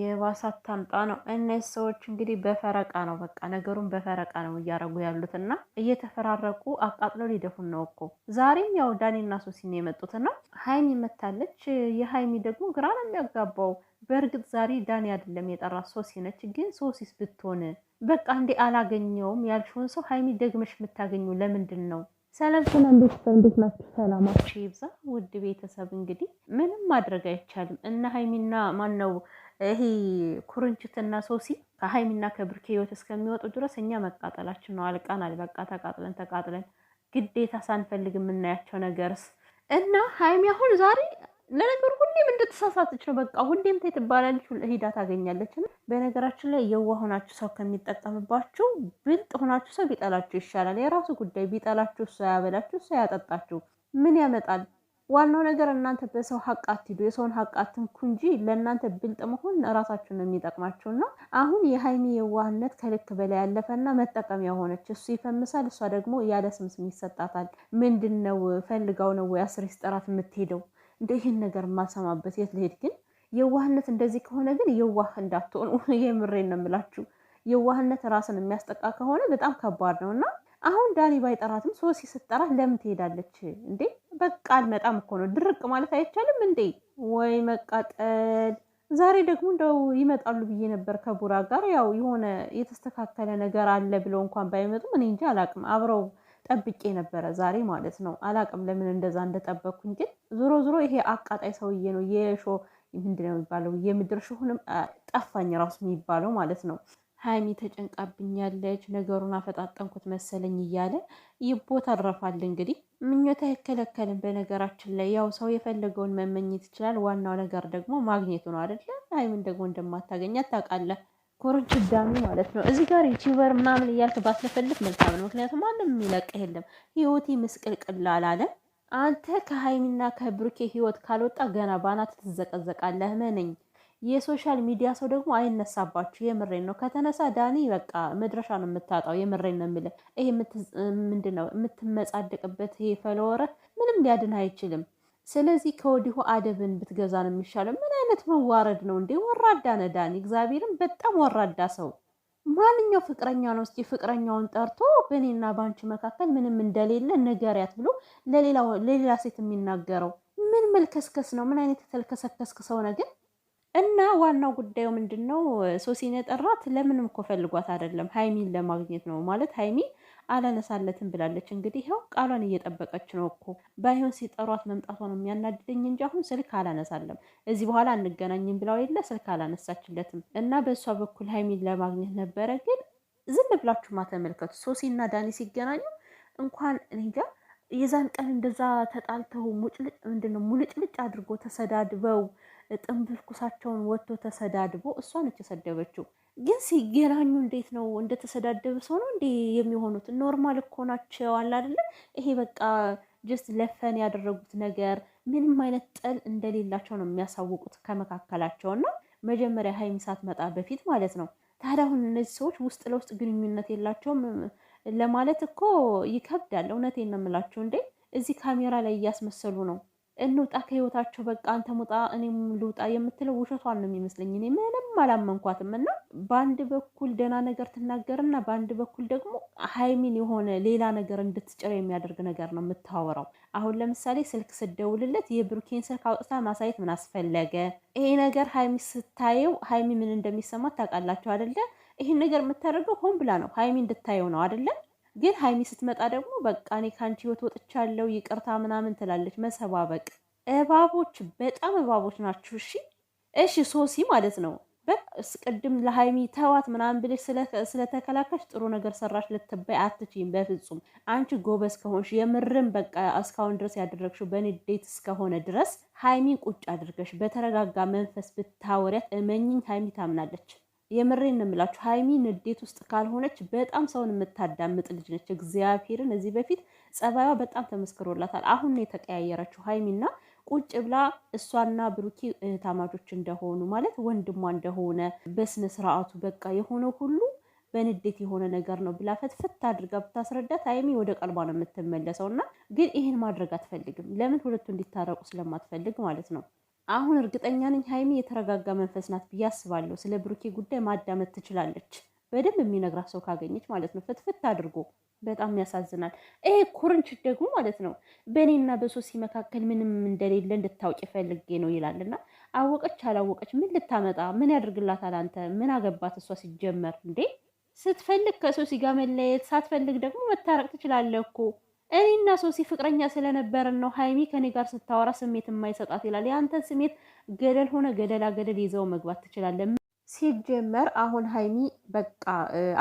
የባሳ ታምጣ ነው። እነዚህ ሰዎች እንግዲህ በፈረቃ ነው በቃ ነገሩን በፈረቃ ነው እያደረጉ ያሉት እና እየተፈራረቁ አቃጥለው ሊደፉን ነው እኮ። ዛሬም ያው ዳኒና የመጡት የመጡትና ሀይሚ መታለች። የሀይሚ ደግሞ ግራ ነው የሚያጋባው። በእርግጥ ዛሬ ዳኒ አይደለም የጠራ ሶሲ ነች። ግን ሶሲስ ብትሆን በቃ እንዴ አላገኘውም ያልሽውን ሰው ሀይሚ ደግመሽ የምታገኙ ለምንድን ነው? ሰላም ሰላም ቤተሰብ እንዴት ናችሁ? ሰላማችሁ ይብዛ ውድ ቤተሰብ። እንግዲህ ምንም ማድረግ አይቻልም እና ሀይሚና ማን ነው ይሄ ኩርንችትና ሶሲ ከሀይሚና ከብርኬ ህይወት እስከሚወጡ ድረስ እኛ መቃጠላችን ነው። አልቃናል። በቃ ተቃጥለን ተቃጥለን ግዴታ ሳንፈልግ የምናያቸው ነገርስ እና ሀይሚ አሁን ዛሬ ለነገሩ ሁሌም እንደተሳሳተች ነው። በቃ ሁሌም ታይ ትባላለች፣ ሂዳ ታገኛለች። በነገራችን ላይ የዋ ሆናችሁ ሰው ከሚጠቀምባችሁ ብልጥ ሆናችሁ ሰው ቢጠላችሁ ይሻላል። የራሱ ጉዳይ ቢጠላችሁ፣ እሱ ያበላችሁ፣ እሱ ያጠጣችሁ ምን ያመጣል? ዋናው ነገር እናንተ በሰው ሀቅ አትሂዱ፣ የሰውን ሀቅ አትንኩ እንጂ ለእናንተ ብልጥ መሆን እራሳችሁን ነው የሚጠቅማችሁ። እና አሁን የሀይሚ የዋህነት ከልክ በላይ ያለፈና መጠቀሚያ ሆነች። እሱ ይፈምሳል፣ እሷ ደግሞ ያለ ስምስም ይሰጣታል። ምንድን ነው ፈልጋው ነው ወይ አስር ይስጠራት የምትሄደው? እንደ ይህን ነገር የማልሰማበት የት ልሄድ ግን። የዋህነት እንደዚህ ከሆነ ግን የዋህ እንዳትሆኑ የምሬን ነው የምላችሁ። የዋህነት ራስን የሚያስጠቃ ከሆነ በጣም ከባድ ነው እና አሁን ዳኒ ባይጠራትም ሶሲ ስትጠራት ለምን ትሄዳለች እንዴ? በቃ አልመጣም እኮ ነው። ድርቅ ማለት አይቻልም እንዴ? ወይ መቃጠል። ዛሬ ደግሞ እንደው ይመጣሉ ብዬ ነበር ከቡራ ጋር ያው የሆነ የተስተካከለ ነገር አለ ብለው እንኳን ባይመጡም እኔ እንጂ አላቅም። አብረው ጠብቄ ነበረ ዛሬ ማለት ነው። አላቅም ለምን እንደዛ እንደጠበኩኝ። ግን ዞሮ ዞሮ ይሄ አቃጣይ ሰውዬ ነው የሾ ምንድን ነው የሚባለው የምድር ሽሁንም ጠፋኝ ራሱ የሚባለው ማለት ነው። ሀይሚ ተጨንቃብኛለች ነገሩን አፈጣጠንኩት መሰለኝ እያለ ይቦተረፋል እንግዲህ ምኞት አይከለከልም። በነገራችን ላይ ያው ሰው የፈለገውን መመኘት ይችላል። ዋናው ነገር ደግሞ ማግኘቱ ነው አይደለ? ሀይሚን ደግሞ እንደማታገኛት ታውቃለህ። ዳሚ ማለት ነው። እዚህ ጋር ዩቲዩበር ምናምን እያልክ ባትለፈልፍ መልካም ነው። ምክንያቱም ማንም የሚለቅህ የለም። ህይወቴ ምስቅልቅል አላለ። አንተ ከሀይሚና ከብሩኬ ህይወት ካልወጣ ገና ባናት ትዘቀዘቃለህ መነኝ የሶሻል ሚዲያ ሰው ደግሞ አይነሳባችሁ። የምሬን ነው። ከተነሳ ዳኒ በቃ መድረሻ ነው የምታጣው። የምሬን ነው የምልህ። ይሄ ምንድን ነው የምትመጻደቅበት? ይሄ ፈለወረ ምንም ሊያድን አይችልም። ስለዚህ ከወዲሁ አደብን ብትገዛ ነው የሚሻለው። ምን አይነት መዋረድ ነው እንዴ! ወራዳ ነህ ዳኒ፣ እግዚአብሔርም በጣም ወራዳ ሰው። ማንኛው ፍቅረኛ ነው እስኪ ፍቅረኛውን ጠርቶ በእኔና በአንቺ መካከል ምንም እንደሌለ ንገሪያት ብሎ ለሌላ ሴት የሚናገረው ምን መልከስከስ ነው? ምን አይነት የተልከሰከስክ ሰው ነህ ግን እና ዋናው ጉዳዩ ምንድን ነው? ሶሲን የጠራት ለምንም እኮ ፈልጓት አይደለም፣ ሀይሚን ለማግኘት ነው ማለት ሀይሚ አላነሳለትም ብላለች። እንግዲህ ይኸው ቃሏን እየጠበቀች ነው እኮ። ባይሆን ሲጠሯት መምጣቷ ነው የሚያናድደኝ እንጂ አሁን ስልክ አላነሳለም፣ እዚህ በኋላ አንገናኝም ብላው የለ ስልክ አላነሳችለትም። እና በእሷ በኩል ሀይሚን ለማግኘት ነበረ። ግን ዝም ብላችሁማ ተመልከቱ። ሶሲና ዳኒ ሲገናኙ እንኳን እንጃ የዛን ቀን እንደዛ ተጣልተው ሙጭልጭ ምንድነው ሙልጭልጭ አድርጎ ተሰዳድበው ጥንብፍ ኩሳቸውን ወጥቶ ተሰዳድቦ እሷ ነች የሰደበችው። ግን ሲገናኙ እንዴት ነው እንደተሰዳደበ ሰው ነው እንዴ የሚሆኑት? ኖርማል እኮ ናቸው አለ አይደለ? ይሄ በቃ ጀስት ለፈን ያደረጉት ነገር ምንም አይነት ጥል እንደሌላቸው ነው የሚያሳውቁት ከመካከላቸውና መጀመሪያ ሀይሚ ሳትመጣ በፊት ማለት ነው። ታዲያ አሁን እነዚህ ሰዎች ውስጥ ለውስጥ ግንኙነት የላቸውም ለማለት እኮ ይከብዳል። እውነቴን ነው እንዴ እዚህ ካሜራ ላይ እያስመሰሉ ነው እንውጣ ከህይወታቸው በቃ አንተ ሙጣ እኔም ልውጣ የምትለው ውሸቷን ነው የሚመስለኝ። እኔ ምንም አላመንኳትም። እና በአንድ በኩል ደህና ነገር ትናገርና በአንድ በኩል ደግሞ ሀይሚን የሆነ ሌላ ነገር እንድትጭር የሚያደርግ ነገር ነው የምታወራው። አሁን ለምሳሌ ስልክ ስደውልለት የብሩኬን ስልክ አውጥታ ማሳየት ምን አስፈለገ? ይሄ ነገር ሀይሚ ስታየው ሀይሚ ምን እንደሚሰማት ታውቃላችሁ አደለ? ይህን ነገር የምታደርገው ሆን ብላ ነው ሀይሚ እንድታየው ነው አደለን? ግን ሀይሚ ስትመጣ ደግሞ በቃ እኔ ከአንቺ ህይወት ወጥቻለሁ ይቅርታ ምናምን ትላለች። መሰባበቅ እባቦች፣ በጣም እባቦች ናችሁ። እሺ እሺ፣ ሶሲ ማለት ነው። ቅድም ለሀይሚ ተዋት ምናምን ብለሽ ስለተከላከልሽ ጥሩ ነገር ሰራሽ ልትባይ አትችይም። በፍጹም አንቺ ጎበዝ ከሆንሽ የምርም በቃ እስካሁን ድረስ ያደረግሽው በንዴት እስከሆነ ድረስ ሀይሚን ቁጭ አድርገሽ በተረጋጋ መንፈስ ብታወሪያት እመኝኝ ሀይሚ ታምናለች። የምሬን ነው የምላችሁ። ሀይሚ ንዴት ውስጥ ካልሆነች በጣም ሰውን የምታዳምጥ ልጅ ነች። እግዚአብሔርን እዚህ በፊት ጸባዩዋ በጣም ተመስክሮላታል። አሁን ነው የተቀያየረችው ሀይሚና ቁጭ ብላ እሷና ብሩኪ እህታማቾች እንደሆኑ ማለት ወንድሟ እንደሆነ በስነ ስርዓቱ በቃ የሆነ ሁሉ በንዴት የሆነ ነገር ነው ብላ ፈትፈት አድርጋ ብታስረዳት ሀይሚ ወደ ቀልቧ ነው የምትመለሰው። እና ግን ይህን ማድረግ አትፈልግም። ለምን? ሁለቱ እንዲታረቁ ስለማትፈልግ ማለት ነው። አሁን እርግጠኛ ነኝ ሀይሚ የተረጋጋ መንፈስ ናት ብዬ አስባለሁ። ስለ ብሩኬ ጉዳይ ማዳመጥ ትችላለች በደንብ የሚነግራት ሰው ካገኘች ማለት ነው። ፍትፍት አድርጎ በጣም ያሳዝናል። ይሄ ኩርንችት ደግሞ ማለት ነው በእኔና በሶሲ መካከል ምንም እንደሌለ እንድታውቂ ፈልጌ ነው ይላል እና አወቀች አላወቀች ምን ልታመጣ ምን ያደርግላታል? አንተ ምን አገባት? እሷ ሲጀመር እንዴ ስትፈልግ ከሶሲ ጋር መለየት፣ ሳትፈልግ ደግሞ መታረቅ ትችላለህ እኮ እኔ እና ሶሲ ፍቅረኛ ስለነበረን ነው ሀይሚ ከኔ ጋር ስታወራ ስሜት የማይሰጣት ይላል። የአንተን ስሜት ገደል ሆነ ገደላ ገደል ይዘው መግባት ትችላለን። ሲጀመር አሁን ሀይሚ በቃ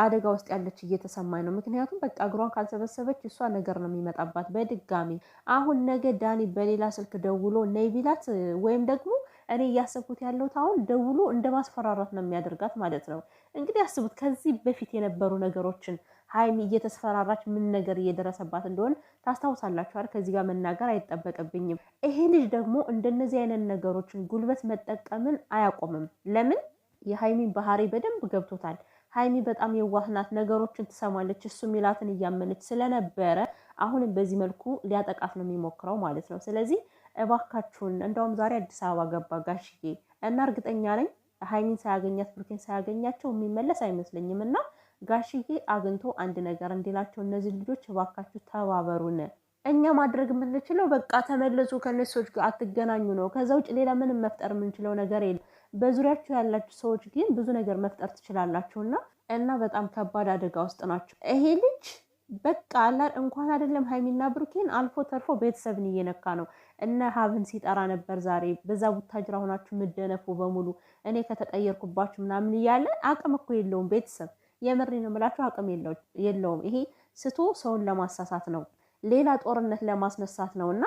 አደጋ ውስጥ ያለች እየተሰማኝ ነው። ምክንያቱም በቃ እግሯን ካልሰበሰበች እሷ ነገር ነው የሚመጣባት በድጋሚ። አሁን ነገ ዳኒ በሌላ ስልክ ደውሎ ነይ ቢላት ወይም ደግሞ እኔ እያሰብኩት ያለሁት አሁን ደውሎ እንደ ማስፈራራት ነው የሚያደርጋት ማለት ነው። እንግዲህ አስቡት ከዚህ በፊት የነበሩ ነገሮችን ሀይሚ እየተስፈራራች ምን ነገር እየደረሰባት እንደሆነ ታስታውሳላችኋል። ከዚህ ጋር መናገር አይጠበቅብኝም። ይሄ ልጅ ደግሞ እንደነዚህ አይነት ነገሮችን ጉልበት መጠቀምን አያቆምም። ለምን የሀይሚ ባህሪ በደንብ ገብቶታል። ሀይሚ በጣም የዋህናት ነገሮችን ትሰማለች፣ እሱ ሚላትን እያመነች ስለነበረ አሁንም በዚህ መልኩ ሊያጠቃት ነው የሚሞክረው ማለት ነው። ስለዚህ እባካችሁን እንደውም ዛሬ አዲስ አበባ ገባ ጋሽዬ እና እርግጠኛ ነኝ ሀይሚን ሳያገኛት ብሩኬን ሳያገኛቸው የሚመለስ አይመስለኝም እና ጋሽዬ አግኝቶ አንድ ነገር እንዲላቸው እነዚህ ልጆች እባካችሁ ተባበሩን። እኛ ማድረግ የምንችለው በቃ ተመለሱ፣ ከነሶች ጋር አትገናኙ ነው። ከዛ ውጭ ሌላ ምንም መፍጠር የምንችለው ነገር የለም። በዙሪያቸው ያላችሁ ሰዎች ግን ብዙ ነገር መፍጠር ትችላላችሁና እና በጣም ከባድ አደጋ ውስጥ ናቸው። ይሄ ልጅ በቃ አላር እንኳን አይደለም ሀይሚና ብሩኬን አልፎ ተርፎ ቤተሰብን እየነካ ነው። እነ ሀብን ሲጠራ ነበር ዛሬ በዛ ቡታጅራ ሆናችሁ ምደነፉ በሙሉ እኔ ከተቀየርኩባችሁ ምናምን እያለ አቅም እኮ የለውም ቤተሰብ የምሬ ነው የምላችሁ አቅም የለውም። ይሄ ስቶ ሰውን ለማሳሳት ነው፣ ሌላ ጦርነት ለማስነሳት ነው። እና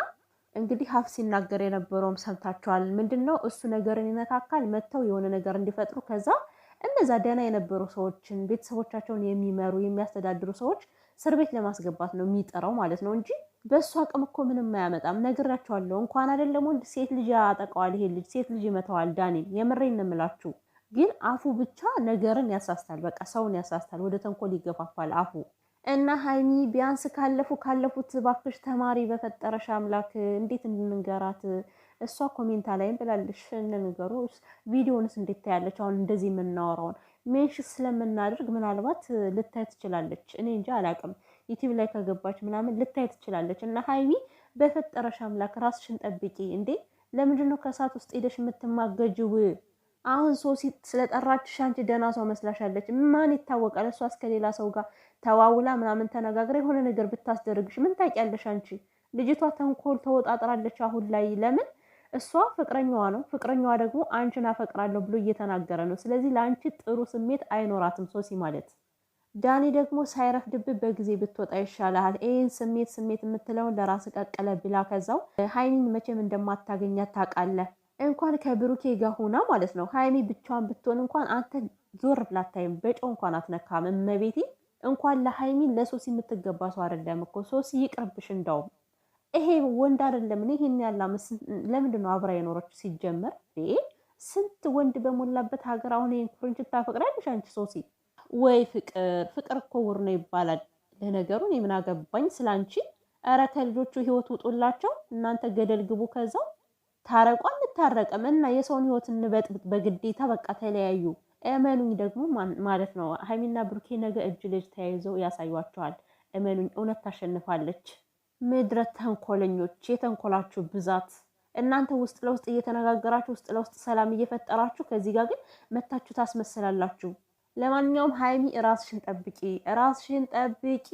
እንግዲህ ሀፍ ሲናገር የነበረውም ሰምታችኋል። ምንድን ነው እሱ ነገርን ይነካካል፣ መጥተው የሆነ ነገር እንዲፈጥሩ ከዛ እነዛ ደህና የነበሩ ሰዎችን ቤተሰቦቻቸውን የሚመሩ የሚያስተዳድሩ ሰዎች እስር ቤት ለማስገባት ነው የሚጠራው ማለት ነው እንጂ በእሱ አቅም እኮ ምንም አያመጣም። ነግራቸዋለሁ። እንኳን አይደለም ወንድ ሴት ልጅ ያጠቀዋል ይሄ ልጅ ሴት ልጅ ይመተዋል ዳኒ የምሬን እንምላችሁ ግን አፉ ብቻ ነገርን ያሳስታል። በቃ ሰውን ያሳስታል፣ ወደ ተንኮል ይገፋፋል አፉ እና ሀይሚ ቢያንስ ካለፉ ካለፉት እባክሽ ተማሪ በፈጠረሽ አምላክ እንዴት እንንገራት? እሷ ኮሜንታ ላይም ብላለሽ እንንገሩ ቪዲዮንስ እንዴት ታያለች? አሁን እንደዚህ የምናወራውን ሜንሽ ስለምናደርግ ምናልባት ልታይ ትችላለች። እኔ እንጂ አላቅም። ዩቲብ ላይ ከገባች ምናምን ልታይ ትችላለች። እና ሀይሚ በፈጠረሽ አምላክ ራስሽን ጠብቂ እንዴ! ለምንድን ነው ውስጥ ሄደሽ የምትማገጅው? አሁን ሶሲ ስለጠራችሽ አንቺ ደህና ሰው መስላሻለች። ማን ይታወቃል? እሷ እስከ ሌላ ሰው ጋር ተዋውላ ምናምን ተነጋግረ የሆነ ነገር ብታስደርግሽ ምን ታውቂያለሽ አንቺ? ልጅቷ ተንኮል ተወጣጥራለች አሁን ላይ። ለምን እሷ ፍቅረኛዋ ነው፣ ፍቅረኛዋ ደግሞ አንቺን አፈቅራለሁ ብሎ እየተናገረ ነው። ስለዚህ ለአንቺ ጥሩ ስሜት አይኖራትም ሶሲ ማለት። ዳኒ ደግሞ ድብ በጊዜ ብትወጣ ይሻልሃል። ይህን ስሜት ስሜት የምትለውን ለራስ ቀቀለ ብላ ከዛው ሀይሚን መቼም እንደማታገኛት ታውቃለህ። እንኳን ከብሩኬ ጋር ሆና ማለት ነው ሀይሚ ብቻዋን ብትሆን እንኳን አንተ ዞር ብላታይም በጮ እንኳን አትነካም። እመቤቴ እንኳን ለሀይሚ ለሶሲ የምትገባ ሰው አይደለም እኮ ሶሲ ይቅርብሽ። እንዳውም ይሄ ወንድ አይደለም። እኔ ይሄን ያላ ለምንድን ነው አብራ የኖረችው ሲጀመር? ስንት ወንድ በሞላበት ሀገር አሁን ይህን ኩርንችት ታፈቅዳለሽ አንቺ ሶሲ? ወይ ፍቅር ፍቅር እኮ ውር ነው ይባላል። ለነገሩ እኔ ምን አገባኝ ስለ አንቺ። ኧረ ከልጆቹ ህይወት ውጡላቸው እናንተ ገደል ግቡ ከዛው ታረቁ አንታረቅም እና የሰውን ህይወት እንበጥብጥ በግዴታ በቃ ተለያዩ። እመኑኝ ደግሞ ማለት ነው ሀይሚና ብሩኬ ነገ እጅ ልጅ ተያይዘው ያሳዩቸዋል። እመኑኝ እውነት ታሸንፋለች። ምድረት ተንኮለኞች፣ የተንኮላችሁ ብዛት እናንተ ውስጥ ለውስጥ እየተነጋገራችሁ ውስጥ ለውስጥ ሰላም እየፈጠራችሁ ከዚህ ጋር ግን መታችሁ ታስመስላላችሁ። ለማንኛውም ሀይሚ ራስሽን ጠብቂ፣ ራስሽን ጠብቂ።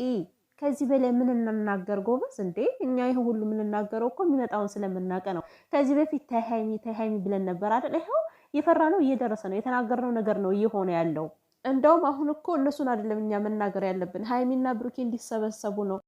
ከዚህ በላይ ምን እንናገር ጎበዝ? እንዴ እኛ ይህ ሁሉ የምንናገረው እኮ የሚመጣውን ስለምናቀ ነው። ከዚህ በፊት ተሃይሚ ተሃይሚ ብለን ነበር አይደል? ይኸው የፈራ ነው እየደረሰ ነው። የተናገርነው ነገር ነው እየሆነ ያለው። እንደውም አሁን እኮ እነሱን አይደለም እኛ መናገር ያለብን፣ ሀይሚና ብሩኬ እንዲሰበሰቡ ነው።